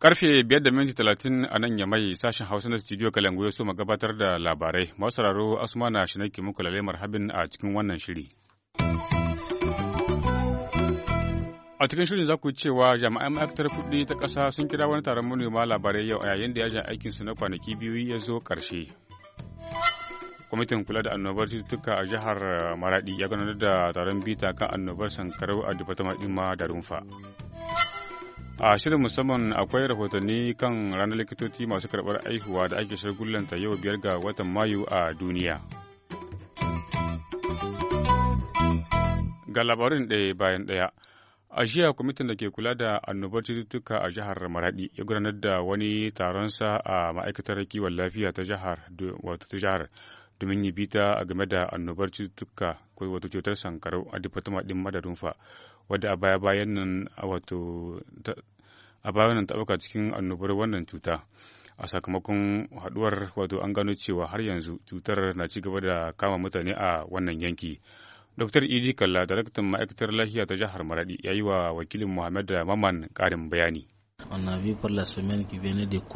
Karfe biyar da minti talatin a nan ya mai sashen Hausa na studio Kalangu ya so gabatar da labarai. Masu sauraro Asmana Shinaki muku lalemar habin a cikin wannan shiri. A cikin shirin za ku cewa jami'an ma'aikatar kuɗi ta ƙasa sun kira wani taron manoma labarai yau a yayin da yajin su na kwanaki biyu ya zo ƙarshe. Kwamitin kula da annobar cututtuka a jihar maraɗi ya gudanar da taron bita kan annobar sankarau a Dipatama Ɗima da Rumfa. A shirin musamman akwai rahotanni kan ranar likitoci masu karɓar aihuwa da ake ta yau biyar ga watan Mayu a duniya. Ga labarin ɗaya bayan ɗaya. A jiya kwamitin da ke kula da annobar cututtuka a jihar Maradi ya gudanar da wani taron sa a ma'aikatar kiwon lafiya ta jihar wato ta jihar domin yi bita a game da annobar cututtuka ko wato cutar sankarau a difatoma din madarunfa wadda a baya bayan nan wato a bayan nan ta cikin annobar wannan cuta. a sakamakon haduwar wato an gano cewa har yanzu cutar na ci gaba da kama mutane a wannan yanki Dr. Idi e Kalla, daraktan ma'aikatar lafiya ta jihar Maradi, ya yi wa wakilin Muhammad Maman ƙarin bayani.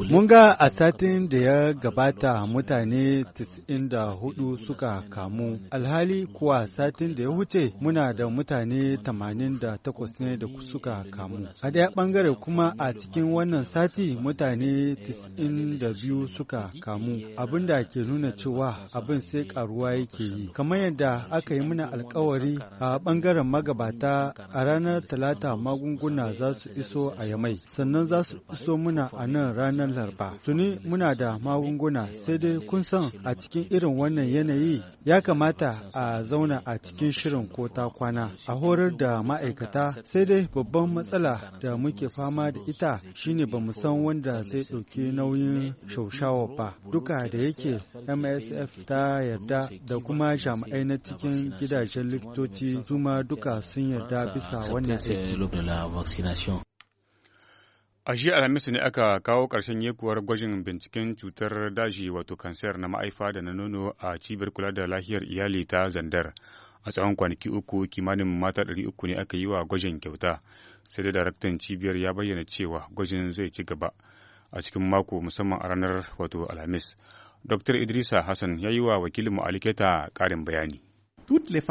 Mun ga a satin da ya gabata mutane 94 suka kamu, alhali kuwa satin da ya wuce muna da mutane 88 ne da suka kamu. A ɗaya ɓangare kuma a cikin wannan sati mutane 92 suka kamu, abin da ke nuna cewa abin sai ƙaruwa yake yi. Kamar yadda aka yi muna alkawari a ɓangaren magabata a ranar talata magunguna za su iso a yamai. Sannan sannan za su iso muna a nan ranar laraba tuni muna da magunguna sai dai kun san a cikin irin wannan yanayi ya kamata a zauna a cikin shirin ko ta kwana a horar da ma'aikata sai dai babban matsala da muke fama da ita shine ba san wanda zai ɗauki nauyin shaushawa ba duka da yake msf ta yarda da kuma jami'ai na cikin gidajen likitoci zuma duka sun yarda bisa wannan aiki A shi Alhamis ne aka kawo ƙarshen yekuwar gwajin binciken cutar daji wato kansar na ma'aifa da na nono a cibiyar kula da lahiyar iyali ta Zandar. A tsawon kwanaki uku kimanin mata ɗari uku ne aka yi wa gwajin kyauta, sai da daraktan cibiyar ya bayyana cewa gwajin zai ci gaba a cikin mako musamman a ranar wato Alhamis. Dr. Idrisa Hassan ya yi wa wakilinmu Aliketa ƙarin bayani.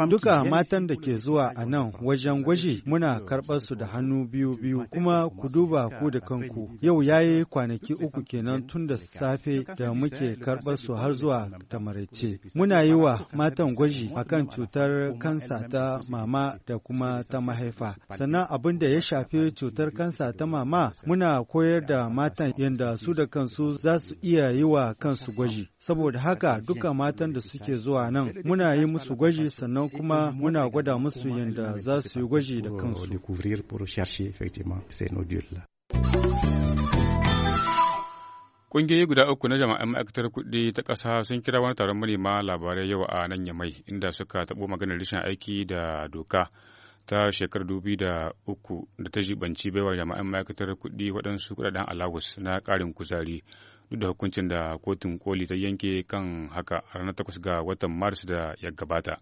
Duka matan da ke zuwa a nan wajen gwaji muna karɓar su da hannu biyu-biyu kuma ku duba ku da kanku. Yau ya yi kwanaki uku kenan tun da safe da muke karɓar su har zuwa da maraice. Muna yi wa matan gwaji akan cutar kansa ta mama da kuma ta mahaifa. Sannan abin da ya shafi cutar kansa ta mama muna koyar da matan yadda su da kansu za su iya yi wa kansu gwaji. Saboda haka duka matan da suke zuwa nan muna yi musu gwaji sannan kuma muna gwada musu yadda za su yi gwaji da kansu. Ƙungiyoyi guda uku na jama'an ma'aikatar kuɗi ta ƙasa sun kira wani taron manema labarai yau a nan Yamai inda suka taɓo maganar rashin aiki da doka ta shekarar dubi da uku da ta jibanci baiwa jama'an ma'aikatar kuɗi waɗansu kuɗaɗen alawus na ƙarin kuzari duk da hukuncin da kotun koli ta yanke kan haka a ranar takwas ga watan maris da ya gabata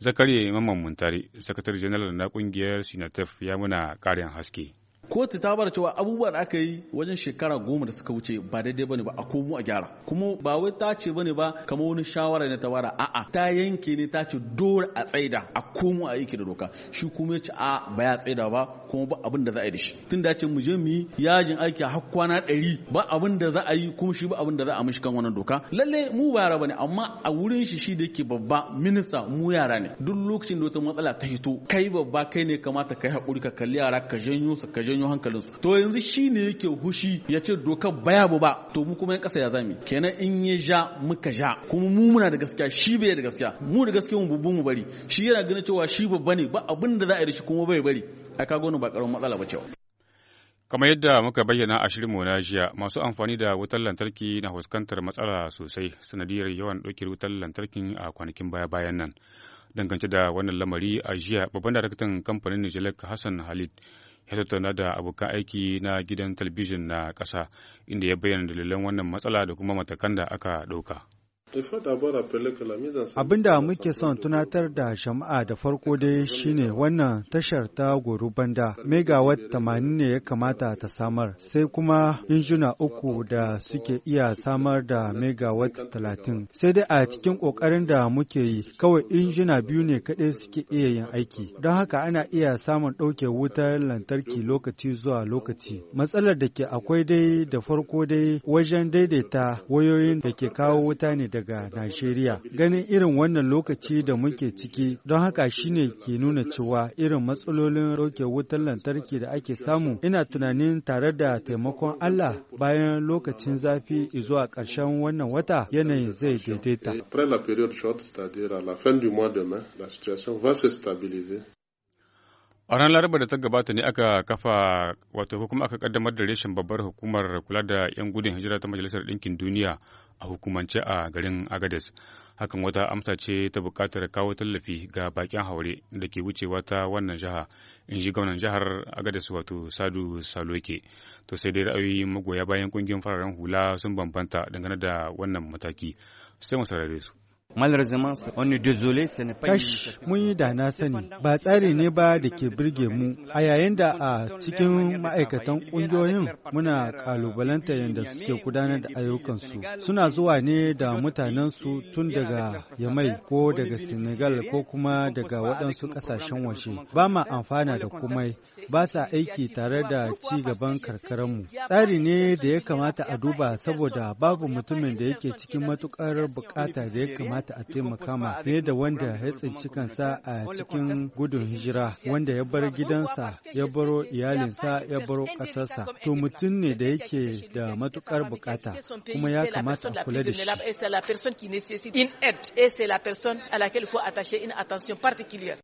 zakari mamman muntari sakatare janar na kungiyar sinatef ya muna ƙarin haske kotu ta bar cewa abubuwan da aka yi wajen shekara goma da suka wuce ba daidai bane ba a komo a gyara kuma ba wai ta ce bane ba kamar wani shawara ne ta bara a'a ta yanke ne ta ce dole a tsaida a komo a yake da doka shi kuma ya ce a ba ya tsaida ba kuma ba abin da za a yi da shi tun da ce mu je mu yi yajin aiki a har kwana ɗari ba abin da za a yi kuma shi ba abin da za a mishi kan wannan doka lalle mu ba yara bane amma a wurin shi shi da yake babba minista mu yara ne duk lokacin da wata matsala ta hito kai babba kai ne kamata kai hakuri ka kalli yara ka janyo su ka janyo janyo hankalinsu to yanzu shi ne yake hushi ya ce dokar baya bu ba to mu kuma yan ƙasa ya zami kenan in ya ja muka ja kuma mu muna da gaskiya shi bai da gaskiya mu da gaskiya mu bubu mu bari shi yana ganin cewa shi babba ne ba abin da za a yi da shi kuma bai bari a kago ba karamin matsala ba cewa Kamar yadda muka bayyana a shirin na jiya, masu amfani da wutar lantarki na fuskantar matsala sosai sanadiyar yawan ɗaukar wutar lantarkin a kwanakin baya-bayan nan. Dangance da wannan lamari a jiya, babban daraktan kamfanin Nijalek Hassan Halid ya tattauna da abokan aiki na gidan talbijin na ƙasa inda ya bayyana dalilan wannan matsala da kuma matakan da aka ɗauka. Abin da muke son tunatar da jama'a da farko dai shine wannan tashar ta goru banda megawatt tamanin ne ya kamata ta samar sai kuma injuna uku da suke iya samar da megawatt talatin sai dai a cikin ƙoƙarin da muke yi kawai injuna biyu ne kaɗai suke iya yin aiki don haka ana iya samun ɗauke wutar lantarki lokaci zuwa lokaci matsalar da ke akwai dai da farko dai wajen daidaita wayoyin da ke kawo wuta ne daga Najeriya. Ganin irin wannan lokaci da muke ciki don haka shi ne ke nuna cewa irin matsalolin roke wutar lantarki da ake samu ina tunanin tare da taimakon Allah bayan lokacin zafi zuwa ƙarshen wannan wata yanayin zai daidaita. A ranar Laraba da ta gabata ne aka kafa wato ko aka kaddamar da reshen babbar hukumar kula da 'yan gudun hijira ta Majalisar Ɗinkin Duniya a hukumance a garin Agades. Hakan wata amsa ce ta buƙatar kawo tallafi ga baƙin haure da ke wucewa ta wannan jiha, in ji gwamnan jihar Agades wato Sadu Saloke. To sai dai ra'ayoyin magoya bayan ƙungiyar fararen hula sun bambanta dangane da wannan mataki. Sai mu saurare su. Kash, mun yi da na sani, ba tsari ne ba da ke birge mu, a yayin da a cikin ma'aikatan ƙungiyoyin muna ƙalubalanta yadda suke gudanar da ayyukansu. Suna zuwa ne da mutanensu tun daga Yamai ko daga Senegal ko kuma daga waɗansu ƙasashen waje. Ba ma amfana da komai, ba sa aiki tare da ci gaban karkararmu. Tsari ne da ya kamata a duba saboda babu mutumin da yake cikin matuƙar buƙata da ya kamata ta a taimaka ma fiye da wanda ya tsinci kansa a cikin gudun hijira wanda ya bar gidansa ya baro iyalinsa ya baro kasarsa to mutum ne da yake da matukar bukata kuma ya kamata a kula da shi.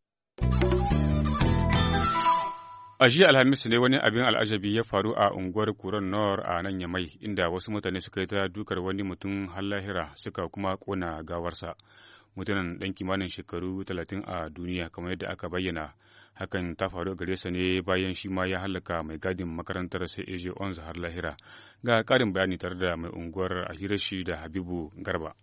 A jiya Alhamis ne wani abin al'ajabi ya faru a unguwar Kuran Nor a nan ya mai inda wasu mutane suka yi ta dukar wani mutum har lahira suka kuma kona gawarsa. Mutanen ɗan kimanin shekaru talatin a duniya kamar yadda aka bayyana. Hakan ta faru a gare sa ne bayan shi ma ya hallaka mai gadin makarantar sai CAG Onze har lahira. Ga ƙarin bayani tare da mai unguwar a da Habibu Garba.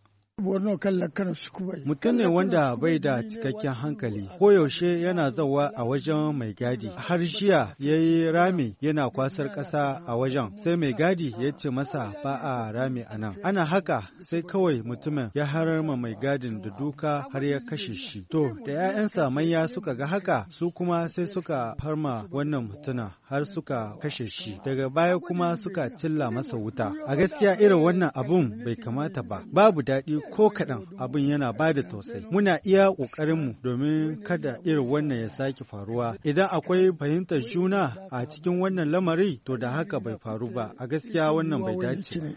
Mutum ne wanda bai da cikakken hankali, koyaushe yana zawa a wajen mai gadi. Har jiya ya yi rame yana kwasar ƙasa a wajen, sai mai gadi ya ce masa ba a rame a nan. Ana haka sai kawai mutumin ya harar ma mai gadin da duka har ya kashe shi. To, da ‘ya'yansa manya suka ga haka, su kuma sai suka farma wannan mutuna. har suka kashe shi daga baya kuma suka cilla masa wuta a gaskiya irin wannan abun bai kamata ba babu daɗi ko kaɗan abun yana ba da tausayi muna iya ƙoƙarinmu domin kada irin wannan ya sake faruwa idan akwai fahimtar juna a cikin wannan lamari to da haka bai faru ba a gaskiya wannan bai dace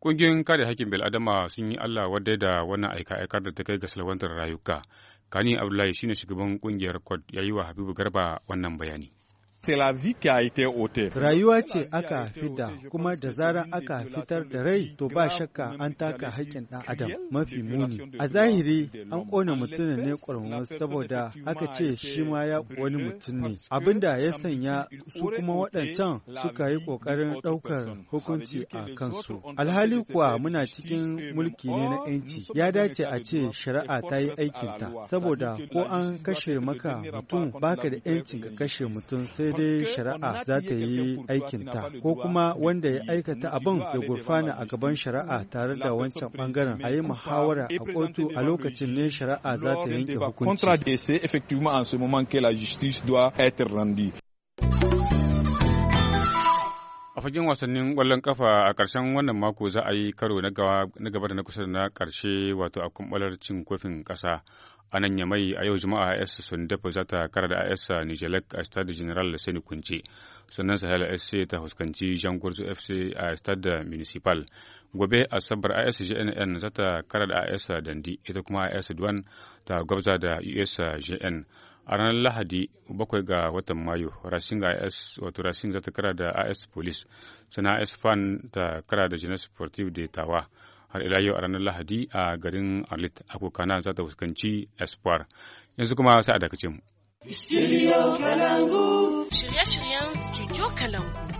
Ƙungiyoyin kare haƙƙin bil'adama sun yi Allah wadai da wannan aika-aikar da ta kai ga salwantar rayuka. Kani Abdullahi shine shugaban kungiyar Kwad ya yi wa Habibu Garba wannan bayani. Rayuwa ce aka fita kuma da zarar aka fitar da rai to ba shakka an taka haƙƙin ɗan adam mafi muni. A zahiri an ƙona mutumin ne ƙwarmus saboda aka ce shi ma ya wani mutum ne. Abin da ya sanya su kuma waɗancan suka yi ƙoƙarin ɗaukar hukunci a kansu. Alhali kuwa muna cikin mulki ne na 'yanci. Ya dace a ce shari'a ta yi aikinta saboda ko an kashe maka mutum baka da 'yancin ka kashe mutum sai daidai shari'a za ta yi aikinta ko kuma wanda ya aikata abin ya gurfana a gaban shari'a tare da wancan bangaren a yi muhawara a kotu a lokacin ne shari'a za ta yanke hukunci. A fagen wasannin ƙwallon kafa a ƙarshen wannan mako za a yi karo na gaba da na kusa da na ƙarshe wato a kumbalar cin kofin ƙasa. A nan mai a yau Juma'a sun dafa za ta kara da yasa Nijelek a Stade General Sani Kunce. Sannan Sahel SC ta fuskanci gorzo FC a Stade Municipal. Gobe a yasa JNN za ta kara da yasa Dandi ita kuma yasa Duwan ta gwabza da US JN. a ranar lahadi bakwai ga watan mayu racing as wato racing za ta kara da as police sana as fan ta kara da jenis sportive de tawa har ila yau a ranar lahadi a garin arlit kokana za ta fuskanci espoir yanzu kuma sai a dakacin mu. Shirye-shiryen Kalangu.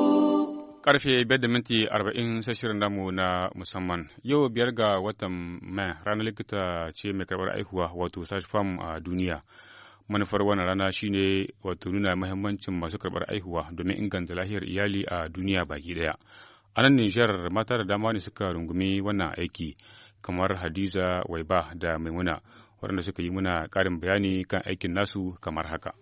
Karfe biyar da minti arba'in sai shirin namu na musamman. Yau biyar ga watan Mai ranar likita ce mai karbar aihuwa wato Sash fam a duniya. Manufar wannan rana shine wato nuna mahimmancin masu karbar aihuwa domin inganta lahiyar iyali a duniya baki ɗaya. A nan Nijar mata da dama ne suka rungumi wannan aiki kamar Hadiza Waiba da Maimuna waɗanda suka yi muna ƙarin bayani kan aikin nasu kamar haka.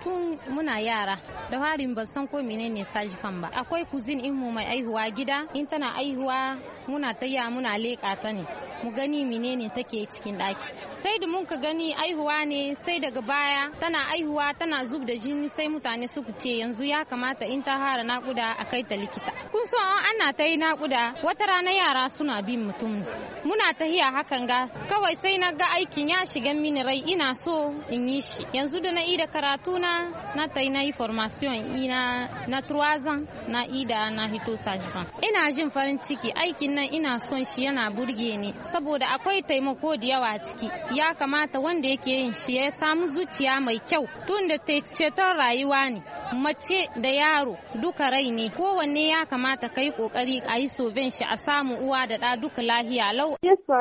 tun muna yara da farin ba san ko menene sajifan ba akwai kuzin in mu mai aihuwa gida in tana aihuwa muna taya muna leƙa ta ne mu gani menene take cikin ɗaki sai da mun ka gani aihuwa ne sai daga baya tana aihuwa tana zub da jini sai mutane suku ce yanzu ya kamata in ta hara nakuda a kai ta likita kun so ana ta yi nakuda wata rana yara suna bin mutum muna tahiya hakan ga kawai sai na ga aikin ya shiga mini rai ina so in yi shi yanzu da na yi da karatu na na ta yi na yi formation ina na truazan na ida na hito sajifan. ina jin farin ciki aikin nan ina son shi yana burge ni saboda akwai taimako da yawa ciki ya kamata wanda yake yin shi ya samu zuciya mai kyau tun da ceton rayuwa ne mace da yaro duka rai ne kowanne ya kamata kai kokari a yi soben shi a samu uwa da ɗa duka lahiya lau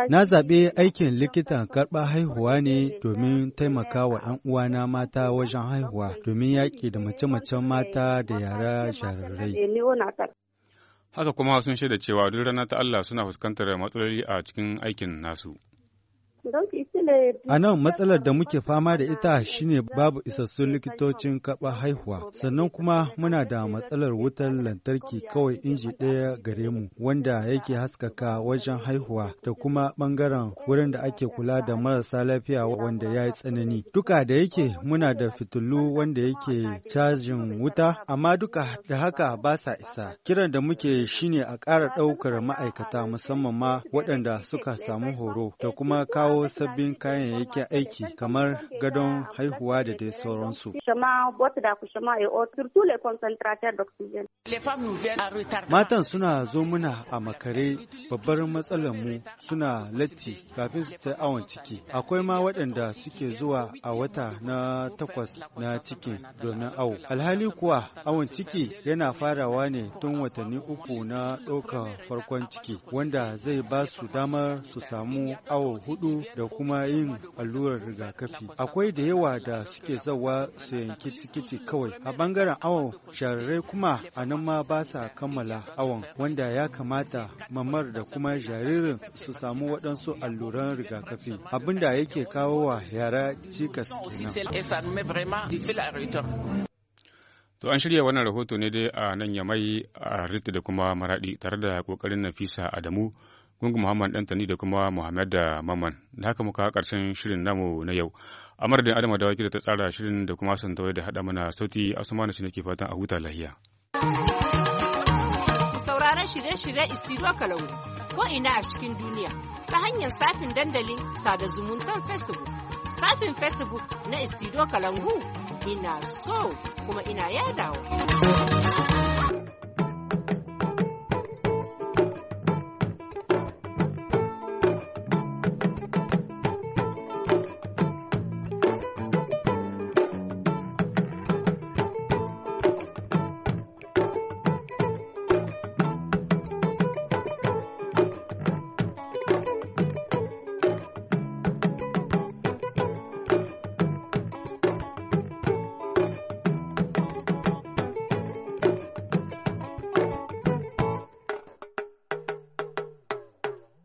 na zaɓe aikin likitan karɓar haihuwa ne domin taimaka wa 'yan uwana mata wajen haihuwa wa domin yaƙi da mace-macen mata da yara shahararrai. Haka kuma sun shaida cewa duk rana ta Allah suna fuskantar matsaloli a cikin aikin nasu. A nan matsalar da muke fama da ita shine babu isassun likitocin kaba haihuwa, sannan kuma muna da matsalar wutar lantarki kawai inji ɗaya gare mu wanda yake haskaka wajen haihuwa da kuma ɓangaren wurin da ake kula da marasa lafiya wanda ya yi tsanani. Duka da yake muna da fitilu wanda yake cajin wuta, amma duka da haka ba sa isa. Kiran da muke shine a ƙara ɗaukar ma'aikata musamman ma waɗanda suka samu horo da kuma kawo kawo sabbin kayayyakin aiki kamar gadon haihuwa da dai sauransu. Matan suna zo muna a makare babbar matsalar mu suna latti kafin su ta awon ciki. Akwai ma waɗanda suke zuwa a wata na takwas na cikin domin awo. Alhali kuwa awon ciki yana farawa ne tun watanni uku na ɗaukar farkon ciki wanda zai ba su damar su samu awo hudu da kuma yin allurar rigakafi akwai da yawa da suke zawa su yanki tikiti kawai a bangaren awon shararrai kuma a nan ma ba sa kammala awon wanda ya kamata mamar da kuma jaririn su samu waɗansu alluran rigakafi abin da yake kawo wa yara cikas kenan To an shirya wannan rahoto ne dai a nan ya mai a Ritu da kuma Maradi tare da ƙoƙarin Nafisa Adamu gungu Muhammad Dantani da kuma Muhammad da Maman. Da haka muka karshen shirin namu na yau. Amar da Adama Dawaki da ta tsara shirin da kuma Santawai da haɗa mana sauti Asmanu shi nake fatan a huta lahiya. Sauraron shirye-shirye Isiro Kalau ko ina a cikin duniya ta hanyar safin dandalin sada zumuntar Facebook. Safin Facebook na Isiro Kalangu ina so kuma ina yadawa.